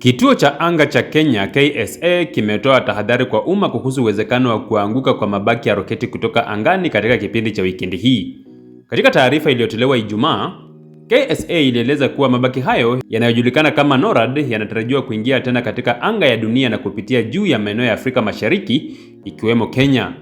Kituo cha anga cha Kenya KSA kimetoa tahadhari kwa umma kuhusu uwezekano wa kuanguka kwa mabaki ya roketi kutoka angani katika kipindi cha wikendi hii. Katika taarifa iliyotolewa Ijumaa, KSA ilieleza kuwa mabaki hayo yanayojulikana kama NORAD yanatarajiwa kuingia tena katika anga ya dunia na kupitia juu ya maeneo ya Afrika Mashariki ikiwemo Kenya.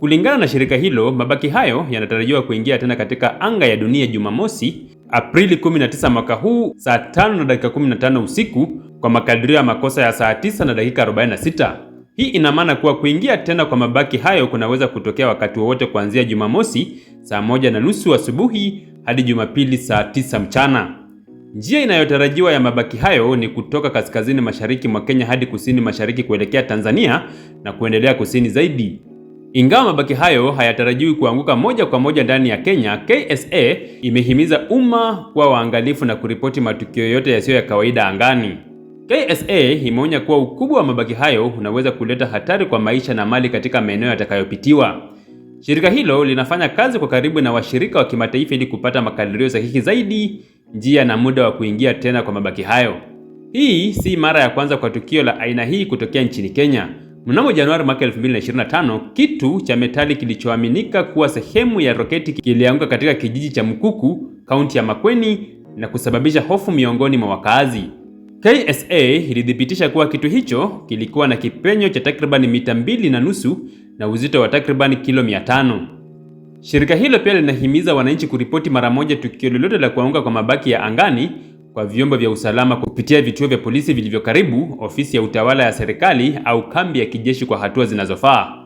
Kulingana na shirika hilo, mabaki hayo yanatarajiwa kuingia tena katika anga ya dunia Jumamosi Aprili 19 mwaka huu saa 5 na dakika 15 usiku kwa makadirio ya makosa ya saa 9 na dakika 46. Hii ina maana kuwa kuingia tena kwa mabaki hayo kunaweza kutokea wakati wowote kuanzia Jumamosi saa moja na nusu asubuhi hadi Jumapili saa 9 mchana. Njia inayotarajiwa ya mabaki hayo ni kutoka kaskazini mashariki mwa Kenya hadi kusini mashariki kuelekea Tanzania na kuendelea kusini zaidi. Ingawa mabaki hayo hayatarajiwi kuanguka moja kwa moja ndani ya Kenya, KSA imehimiza umma kuwa waangalifu na kuripoti matukio yote yasiyo ya kawaida angani. KSA imeonya kuwa ukubwa wa mabaki hayo unaweza kuleta hatari kwa maisha na mali katika maeneo yatakayopitiwa. Shirika hilo linafanya kazi kwa karibu na washirika wa kimataifa ili kupata makadirio sahihi zaidi, njia na muda wa kuingia tena kwa mabaki hayo. Hii si mara ya kwanza kwa tukio la aina hii kutokea nchini Kenya. Mnamo Januari mwaka 2025, kitu cha metali kilichoaminika kuwa sehemu ya roketi kilianguka katika kijiji cha Mkuku, kaunti ya Makueni na kusababisha hofu miongoni mwa wakaazi. KSA ilithibitisha kuwa kitu hicho kilikuwa na kipenyo cha takribani mita mbili na nusu na uzito wa takribani kilo 500. Shirika hilo pia linahimiza wananchi kuripoti mara moja tukio lolote la kuanguka kwa mabaki ya angani kwa vyombo vya usalama kupitia vituo vya polisi vilivyo karibu, ofisi ya utawala ya serikali au kambi ya kijeshi kwa hatua zinazofaa.